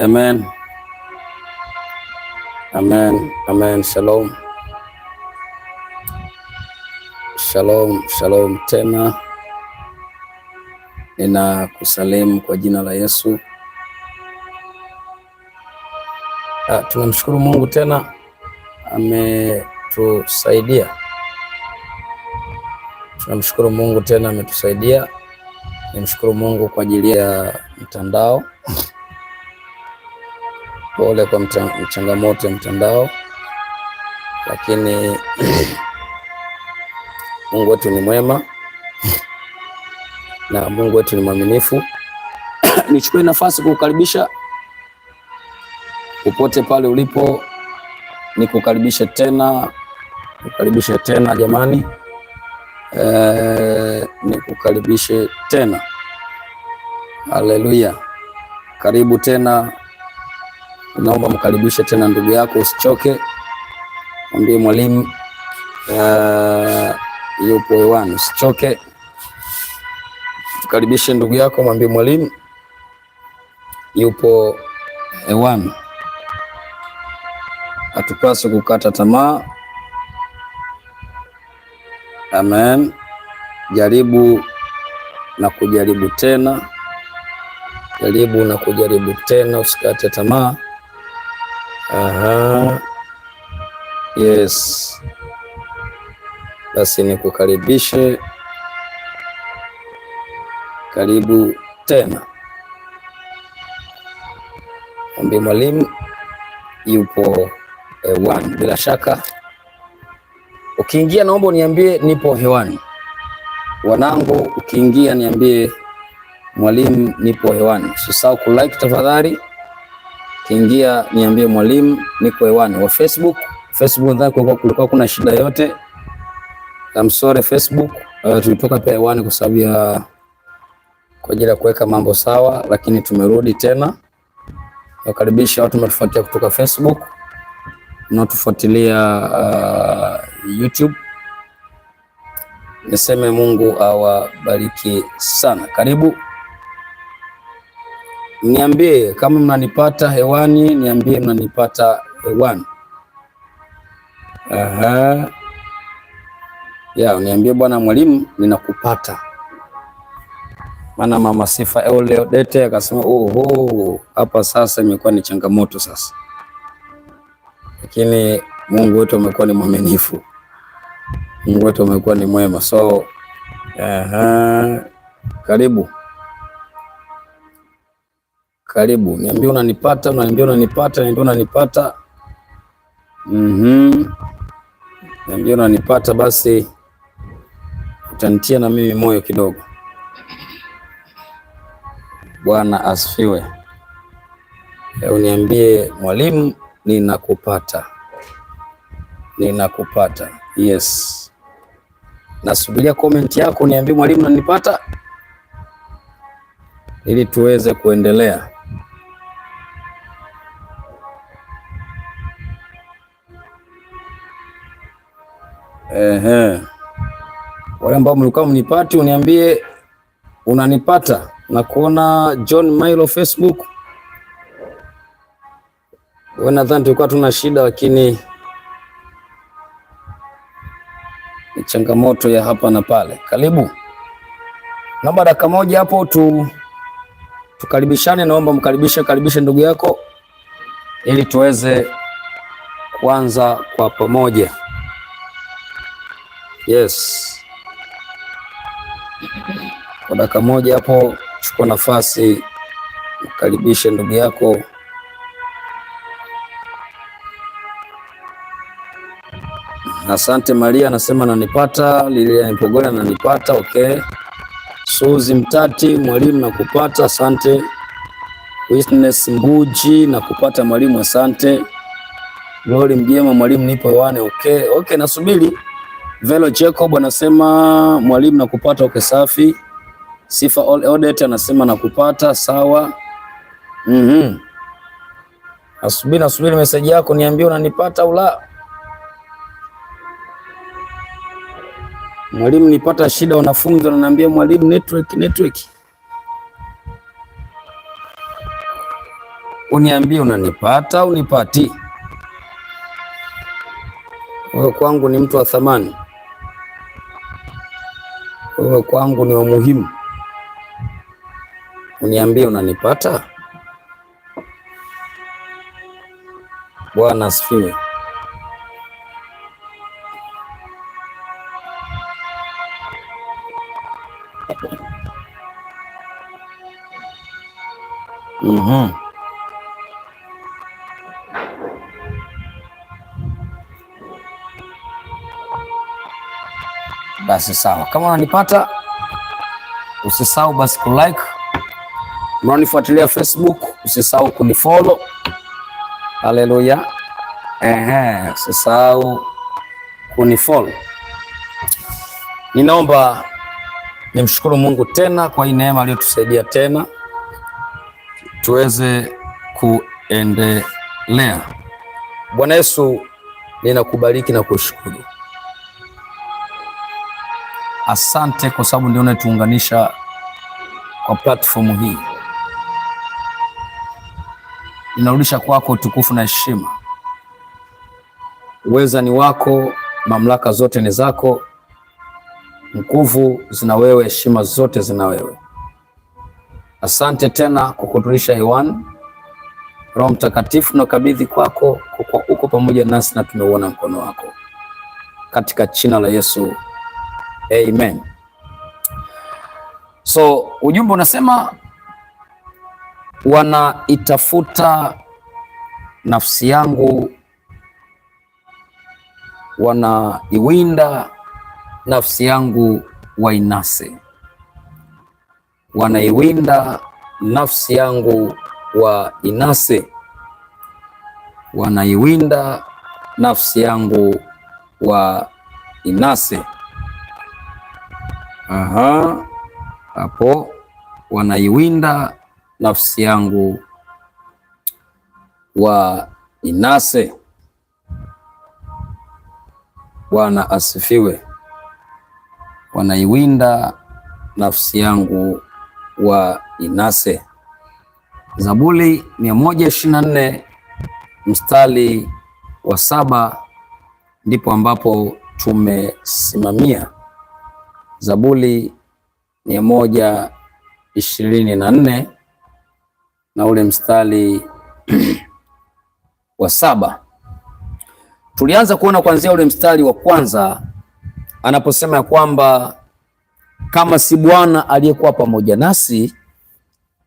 Amen. Amen. Amen. Shalom. Shalom, shalom tena. kusalimu kwa jina la Yesu. Ah, tunamshukuru Mungu tena ametusaidia. Tunamshukuru Mungu tena ametusaidia. Nimshukuru Mungu kwa ajili ya mtandao pole kwa changamoto ya mtandao, lakini Mungu wetu ni mwema na Mungu wetu ni mwaminifu. Nichukue nafasi kukukaribisha popote pale ulipo, nikukaribishe tena, nikukaribishe tena jamani, e, nikukaribishe tena. Haleluya, karibu tena naomba mkaribishe tena ndugu yako, usichoke, mwambie mwalimu uh, yupo hewani, usichoke, tukaribishe ndugu yako, mwambie mwalimu yupo hewani. Hatupaswi kukata tamaa. Amen. Jaribu na kujaribu tena, jaribu na kujaribu tena, usikate tamaa. Aha. Yes. Basi nikukaribishe, karibu tena. Ombi Mwalimu yupo hewani bila shaka. Ukiingia naomba uniambie nipo hewani. Wanangu, ukiingia niambie mwalimu, nipo hewani. Usisahau kulike tafadhali kiingia niambie mwalimu, niko hewani. Wa Facebook, Facebook dhani kulikuwa kuna shida yote, amsore Facebook. Uh, tulitoka pia hewani kwa sababu ya kwa ajili ya kuweka mambo sawa, lakini tumerudi tena. Nakaribisha watu mnatufuatia kutoka Facebook, mnatufuatilia uh, eh, YouTube. Niseme Mungu awabariki sana. Karibu. Niambie kama mnanipata hewani, niambie mnanipata hewani. Aha. Ya, niambie bwana mwalimu, ninakupata. Maana mama Sifa Dete akasema oho, hapa sasa imekuwa ni changamoto sasa, lakini Mungu wetu amekuwa ni mwaminifu, Mungu wetu amekuwa ni mwema. So aha, karibu karibu, niambia unanipata, niambia unanipata, niambia unanipata. Mhm. Niambia unanipata basi utanitia na mimi moyo kidogo. Bwana asifiwe. Uniambie mwalimu, ninakupata. Ninakupata. Yes. Nasubiria komenti yako, niambie mwalimu, nanipata ili tuweze kuendelea. Ehe, wale ambao mlikuwa mnipati, uniambie unanipata na kuona John Milo Facebook. Wewe nadhani tulikuwa tuna shida, lakini ni changamoto ya hapa na pale. Karibu, naomba dakika moja hapo tu tukaribishane. Naomba mkaribishe, karibishe ndugu yako ili tuweze kuanza kwa pamoja. Yes, kwa dakika moja hapo, chukua nafasi, mkaribishe ndugu yako Asante Maria anasema nanipata. Lilia Mpogole ananipata. Okay, Suzi Mtati, mwalimu nakupata. Asante Witness Mbuji nakupata mwalimu, asante Lori Mjema, mwalimu nipo wane. Okay, okay, nasubiri. Velo Jacob anasema mwalimu, nakupata. Uke safi. Sifa audit anasema nakupata, sawa. mm -hmm. Asubiri nasubiri meseji yako, niambie unanipata au la. Mwalimu, nipata shida, wanafunzi wananiambia mwalimu, network network. Uniambie unanipata au nipati? Wewe kwangu ni mtu wa thamani wewe kwangu ni wa muhimu, uniambie unanipata. Bwana asifiwe. Mm-hmm. basi sawa. Kama unanipata usisahau basi ku like. Unanifuatilia Facebook usisahau kunifollow. Haleluya, ehe, usisahau kunifollow. Ninaomba nimshukuru Mungu tena kwa hii neema aliyotusaidia tena tuweze kuendelea. Bwana Yesu, ninakubariki na kushukuru Asante kwa sababu ndio unatuunganisha kwa platform hii. Ninarudisha kwako utukufu na heshima. Uweza ni wako, mamlaka zote ni zako, nguvu zina wewe, heshima zote zina wewe. Asante tena kwa kutulisha hewani. Roho Mtakatifu, nakabidhi kwako, kwa uko pamoja nasi na tumeuona mkono wako, katika jina la Yesu. Amen. So ujumbe unasema wanaitafuta nafsi yangu, wanaiwinda nafsi yangu wainase, wanaiwinda nafsi yangu wainase, wanaiwinda nafsi yangu wainase. Aha, hapo wanaiwinda nafsi yangu wa inase. Bwana asifiwe. Wanaiwinda nafsi yangu wa inase. Zaburi 124 mstari wa saba ndipo ambapo tumesimamia. Zaburi mia moja ishirini na nne na ule mstari wa saba. Tulianza kuona kuanzia ule mstari wa kwanza anaposema ya kwamba kama si Bwana aliyekuwa pamoja nasi,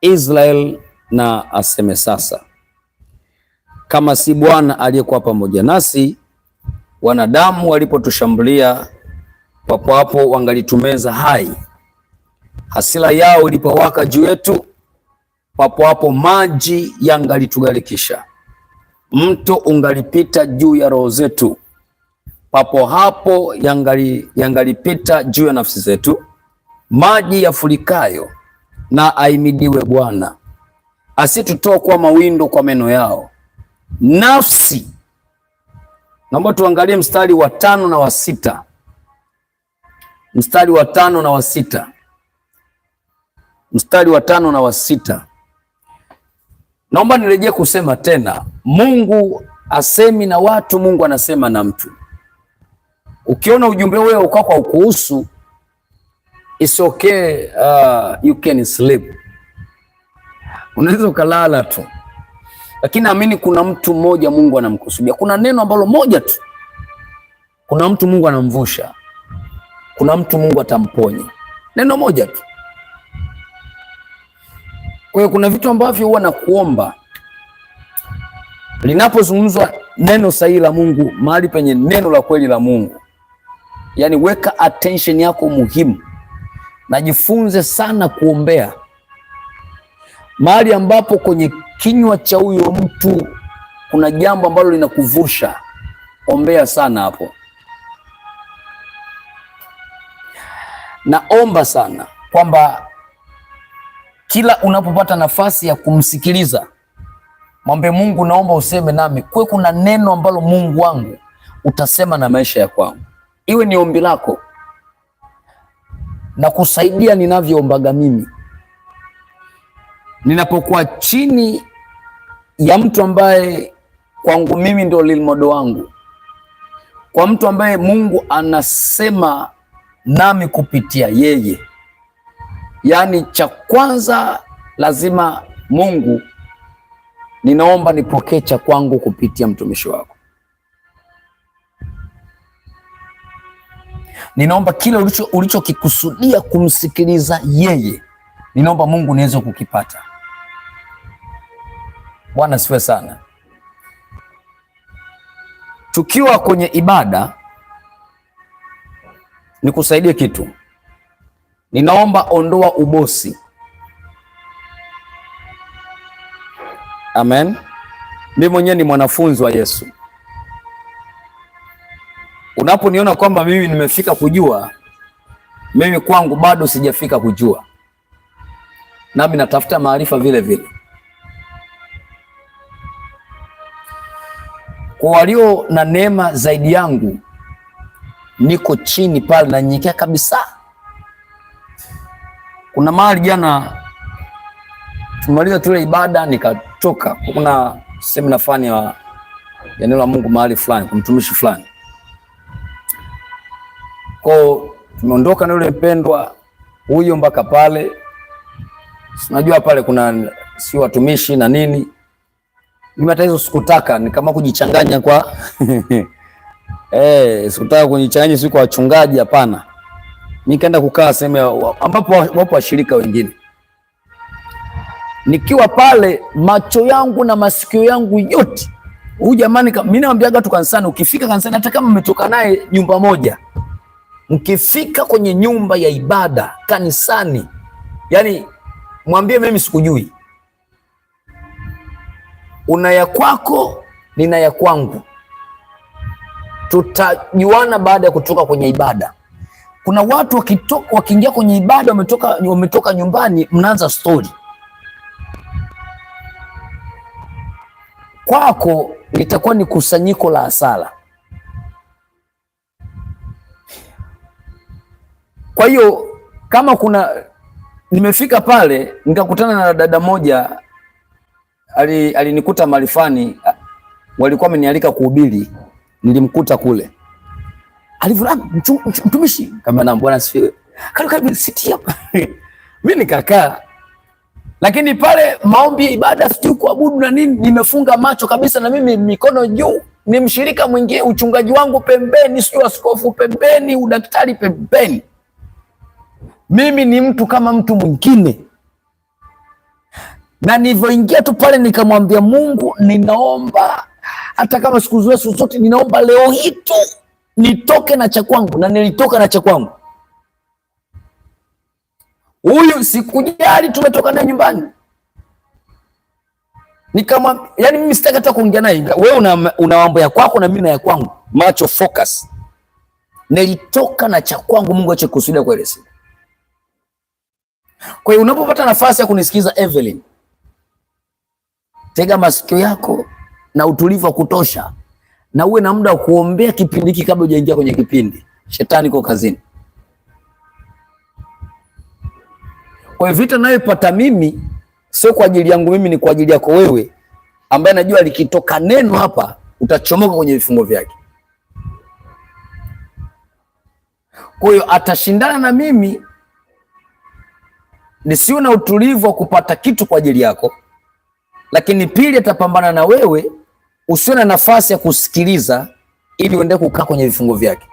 Israel na aseme sasa, kama si Bwana aliyekuwa pamoja nasi, wanadamu walipotushambulia papo hapo wangalitumeza hai. Hasira yao ilipowaka juu yetu, papo hapo maji yangalitugalikisha, mto ungalipita juu ya roho zetu, papo hapo yangali yangalipita juu ya nafsi zetu, maji yafurikayo. Na aimidiwe Bwana, asitutoa kwa mawindo kwa meno yao. Nafsi, naomba tuangalie mstari wa tano na wa sita mstari wa tano na wa sita mstari wa tano na wa sita Naomba nirejee kusema tena, Mungu asemi na watu, Mungu anasema na mtu. Ukiona ujumbe wewe ukakwa ukuhusu, it's okay, uh, you can sleep, unaweza ukalala tu, lakini naamini kuna mtu mmoja Mungu anamkusudia. Kuna neno ambalo moja tu, kuna mtu Mungu anamvusha kuna mtu Mungu atamponya, neno moja tu. Kwa hiyo kuna vitu ambavyo huwa nakuomba linapozungumzwa neno sahihi la Mungu mahali penye neno la kweli la Mungu, yaani weka attention yako muhimu. Najifunze sana kuombea mahali ambapo kwenye kinywa cha huyo mtu kuna jambo ambalo linakuvusha. Ombea sana hapo. naomba sana kwamba kila unapopata nafasi ya kumsikiliza mwambie Mungu, naomba useme nami, kuwe kuna neno ambalo Mungu wangu utasema na maisha ya kwangu, iwe ni ombi lako na kusaidia ninavyoombaga mimi ninapokuwa chini ya mtu ambaye kwangu mimi ndio lilmodo wangu, kwa mtu ambaye Mungu anasema nami kupitia yeye. Yaani, cha kwanza lazima Mungu, ninaomba nipokee cha kwangu kupitia mtumishi wako. Ninaomba kile ulichokikusudia ulicho kumsikiliza yeye, ninaomba Mungu niweze kukipata. Bwana siwe sana. Tukiwa kwenye ibada nikusaidie kitu, ninaomba ondoa ubosi. Amen. Mimi mwenyewe ni mwanafunzi wa Yesu. Unaponiona kwamba mimi nimefika kujua, mimi kwangu bado sijafika kujua, nami natafuta maarifa vile vile. Kwa walio na neema zaidi yangu niko chini pale nanyenyekea kabisa. Kuna mahali jana tumaliza tule ibada, nikatoka, kuna semina fulani ya neno la Mungu mahali fulani, kwa mtumishi fulani kwao, tumeondoka na yule mpendwa huyo mpaka pale, sinajua pale kuna si watumishi na nini, mimi hizo sikutaka, ni kama kujichanganya kwa Eh, sikutaka kujichanganya si kwa wachungaji hapana. Mimi kaenda kukaa sehemu ambapo wapo washirika wengine. Nikiwa pale macho yangu na masikio yangu yote huyu jamani, mimi naambiaga tu kanisani, ukifika kanisani hata kama umetoka naye nyumba moja, mkifika kwenye nyumba ya ibada kanisani, yani mwambie mimi sikujui, una ya kwako, nina ya kwangu tutajuana baada ya kutoka kwenye ibada. Kuna watu wakiingia kwenye ibada wametoka, wametoka nyumbani, mnaanza stori. Kwako litakuwa ni kusanyiko la hasara. Kwa hiyo kama kuna nimefika pale nikakutana na dada moja alinikuta ali marifani, walikuwa wamenialika kuhubiri. Nilimkuta kule alivurana mtumishi, kama na bwana sifiwe, karibu karibu siti hapa mimi nikakaa, lakini pale maombi ya ibada, sijui kuabudu na nini, nimefunga macho kabisa, na mimi mikono juu, ni mshirika mwingine, uchungaji wangu pembeni, sijui askofu pembeni, udaktari pembeni, mimi ni mtu kama mtu mwingine na nilivyoingia tu pale nikamwambia Mungu, ninaomba hata kama siku zote zote, ninaomba leo hii tu nitoke na cha kwangu, na nilitoka na cha kwangu. Huyu sikujali, tumetoka naye nyumbani, nikamwambia yani, mimi sitaki hata kuongea naye. Wewe una, una mambo ya kwako na mimi na ya kwangu, macho focus. Nilitoka na cha kwangu, Mungu ache kusudia kwa ile siku. Kwa hiyo unapopata nafasi ya kunisikiza Evelyn, tega masikio yako na utulivu wa kutosha, na uwe na muda wa kuombea kipindi hiki kabla hujaingia kwenye kipindi. Shetani iko kazini. Kwa hiyo vita nayoipata mimi sio kwa ajili yangu mimi, ni kwa ajili yako wewe, ambaye najua likitoka neno hapa utachomoka kwenye vifungo vyake. Kwa hiyo atashindana na mimi nisiwe na utulivu wa kupata kitu kwa ajili yako, lakini pili, atapambana na wewe usiwe na nafasi ya kusikiliza ili uendelee kukaa kwenye vifungo vyake.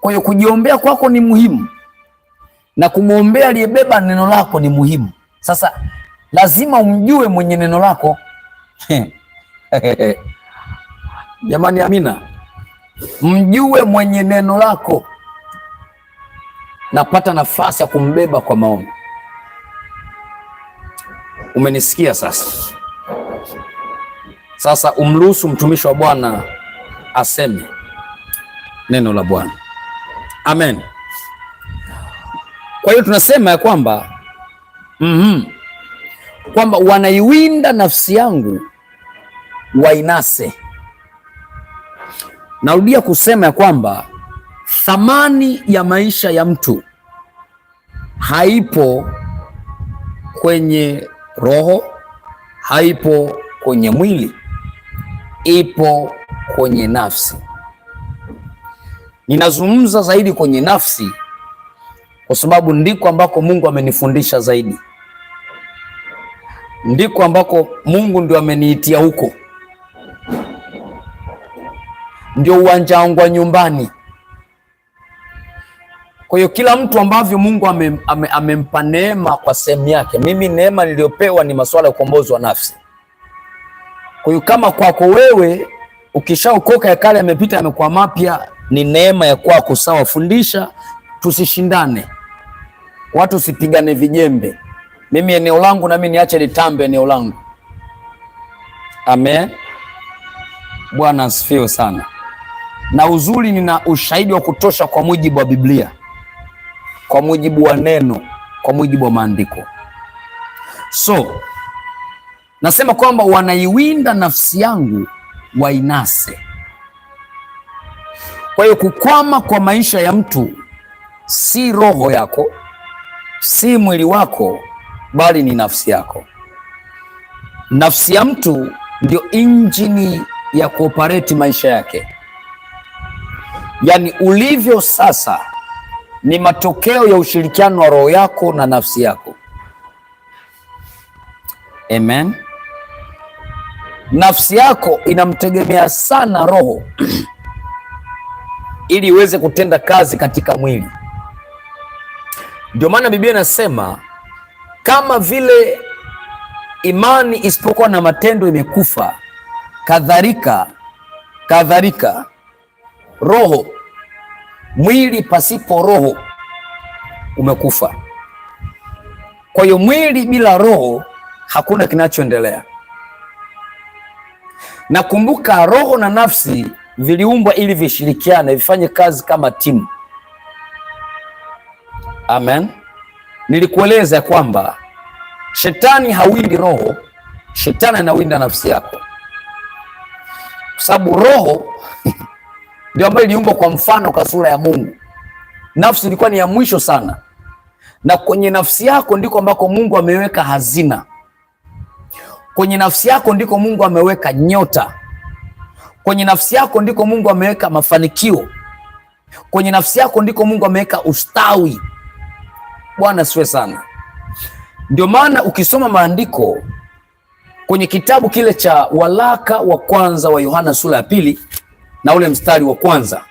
Kwa hiyo kujiombea kwako ni muhimu na kumwombea aliyebeba neno lako ni muhimu. Sasa lazima umjue mwenye neno lako jamani. Amina, mjue mwenye neno lako, napata nafasi ya kumbeba kwa maombi. Umenisikia sasa? Sasa umruhusu mtumishi wa Bwana aseme neno la Bwana. Amen. Kwa hiyo tunasema ya kwamba mm -hmm. kwamba wanaiwinda nafsi yangu wainase. Narudia kusema ya kwamba thamani ya maisha ya mtu haipo kwenye roho, haipo kwenye mwili ipo kwenye nafsi. Ninazungumza zaidi kwenye nafsi kwa sababu ndiko ambako Mungu amenifundisha zaidi, ndiko ambako Mungu ndio ameniitia huko, ndio uwanja wangu wa nyumbani. Kwa hiyo kila mtu ambavyo Mungu amempa ame, ame neema kwa sehemu yake. Mimi neema niliyopewa ni masuala ya ukombozi wa nafsi. Kwa hiyo kama kwako wewe ukishaokoka, ya kale yamepita, yamekuwa mapya, ni neema ya kwako, sawa. Fundisha tusishindane, watu usipigane vijembe. Mimi eneo langu nami niache litambe eneo langu. Amen. Bwana asifiwe sana. Na uzuri, nina ushahidi wa kutosha kwa mujibu wa Biblia, kwa mujibu wa neno, kwa mujibu wa maandiko so Nasema kwamba wanaiwinda nafsi yangu wainase. Kwa hiyo kukwama kwa maisha ya mtu si roho yako, si mwili wako, bali ni nafsi yako. Nafsi ya mtu ndio injini ya kuopareti maisha yake. Yaani ulivyo sasa ni matokeo ya ushirikiano wa roho yako na nafsi yako. Amen nafsi yako inamtegemea sana roho ili iweze kutenda kazi katika mwili. Ndio maana Biblia inasema kama vile imani isipokuwa na matendo imekufa, kadhalika kadhalika roho mwili pasipo roho umekufa. Kwa hiyo mwili bila roho hakuna kinachoendelea nakumbuka roho na nafsi viliumbwa ili vishirikiane, vifanye kazi kama timu. Amen. Nilikueleza kwamba shetani hawindi roho, shetani anawinda nafsi yako, kwa sababu roho ndio ambayo iliumbwa kwa mfano kwa sura ya Mungu. Nafsi ilikuwa ni ya mwisho sana, na kwenye nafsi yako ndiko ambako Mungu ameweka hazina Kwenye nafsi yako ndiko Mungu ameweka nyota, kwenye nafsi yako ndiko Mungu ameweka mafanikio, kwenye nafsi yako ndiko Mungu ameweka ustawi. Bwana siwe sana. Ndio maana ukisoma maandiko kwenye kitabu kile cha walaka wa kwanza wa Yohana sura ya pili na ule mstari wa kwanza,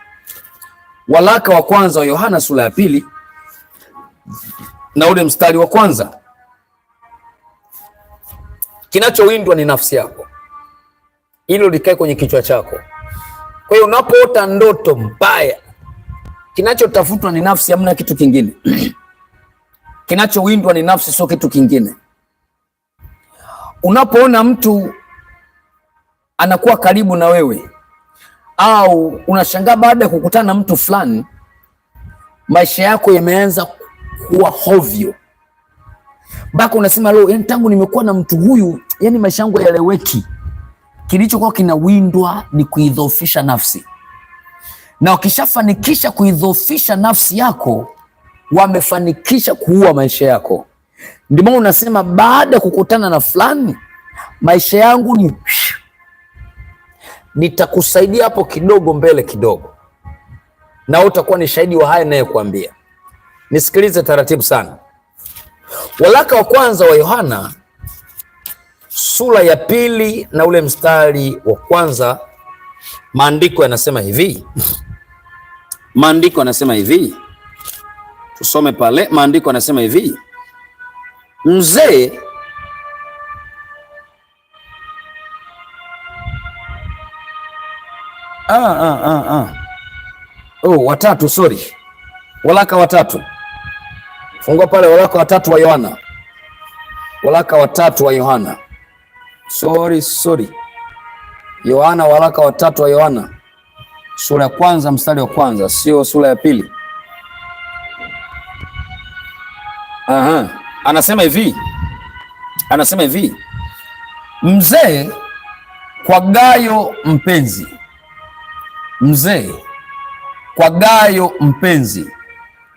walaka wa kwanza wa Yohana sura ya pili na ule mstari wa kwanza Kinachowindwa ni nafsi yako, hilo likae kwenye kichwa chako. Kwa hiyo unapoota ndoto mbaya, kinachotafutwa ni nafsi, hamna kitu kingine. Kinachowindwa ni nafsi, sio kitu kingine. Unapoona mtu anakuwa karibu na wewe au unashangaa baada ya kukutana na mtu fulani maisha yako yameanza kuwa hovyo, mpaka unasema leo, yani tangu nimekuwa na mtu huyu, yani maisha yangu yaeleweki. Kilichokuwa kinawindwa ni kuidhoofisha nafsi, na wakishafanikisha kuidhoofisha nafsi yako, wamefanikisha kuua maisha yako. Ndio maana unasema baada ya kukutana na fulani, maisha yangu ni nitakusaidia hapo kidogo mbele kidogo, na utakuwa ni shahidi wa haya ninayokuambia. Nisikilize taratibu sana. Waraka wa kwanza wa Yohana sura ya pili na ule mstari wa kwanza, maandiko yanasema hivi maandiko yanasema hivi, tusome pale. Maandiko yanasema hivi, mzee ah, ah, ah, ah. Oh, watatu, sorry, waraka watatu Fungua pale waraka watatu wa Yohana, waraka watatu wa Yohana. Sorry, sorry, Yohana, waraka watatu wa Yohana sura ya kwanza mstari wa kwanza, sio sura ya pili. Aha. Anasema hivi, anasema hivi mzee kwa Gayo mpenzi, mzee kwa Gayo mpenzi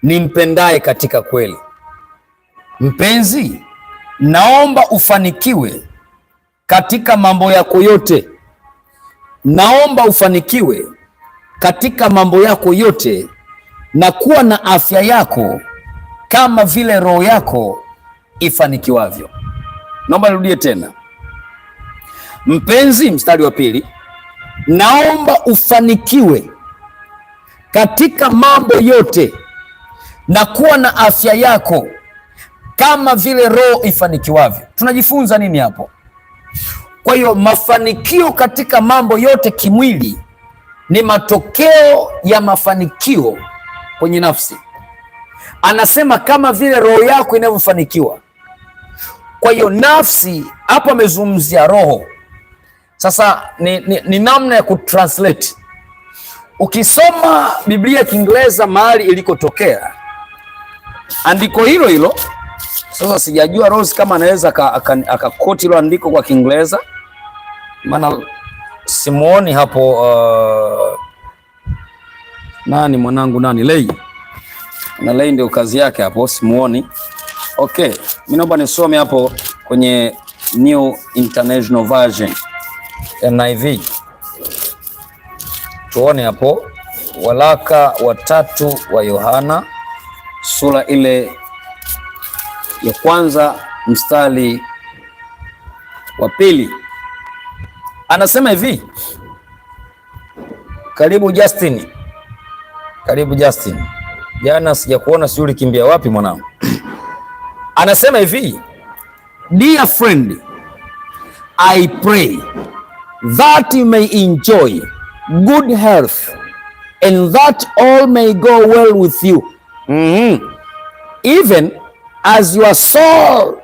nimpendaye katika kweli. Mpenzi, naomba ufanikiwe katika mambo yako yote, naomba ufanikiwe katika mambo yako yote na kuwa na afya yako kama vile roho yako ifanikiwavyo. Naomba nirudie tena, mpenzi, mstari wa pili, naomba ufanikiwe katika mambo yote na kuwa na afya yako kama vile roho ifanikiwavyo. Tunajifunza nini hapo? Kwa hiyo mafanikio katika mambo yote kimwili ni matokeo ya mafanikio kwenye nafsi. Anasema kama vile roho yako inavyofanikiwa. Kwa hiyo nafsi hapo amezungumzia roho. Sasa ni, ni, ni namna ya kutranslate. Ukisoma Biblia ya Kiingereza mahali ilikotokea andiko hilo hilo sasa sijajua Rose kama anaweza akakoti hilo andiko kwa Kiingereza, maana simuoni hapo. Uh, nani mwanangu nani Lei na Lei ndio kazi yake hapo, simuoni. Okay, mimi naomba nisome hapo kwenye New International Version NIV, tuone hapo waraka watatu wa Yohana sura ile ya kwanza mstari wa pili anasema hivi. Karibu Justin, karibu Justin, jana sijakuona, sijui ulikimbia wapi mwanangu. Anasema hivi, dear friend I pray that you may enjoy good health and that all may go well with you Mm -hmm. Even as your soul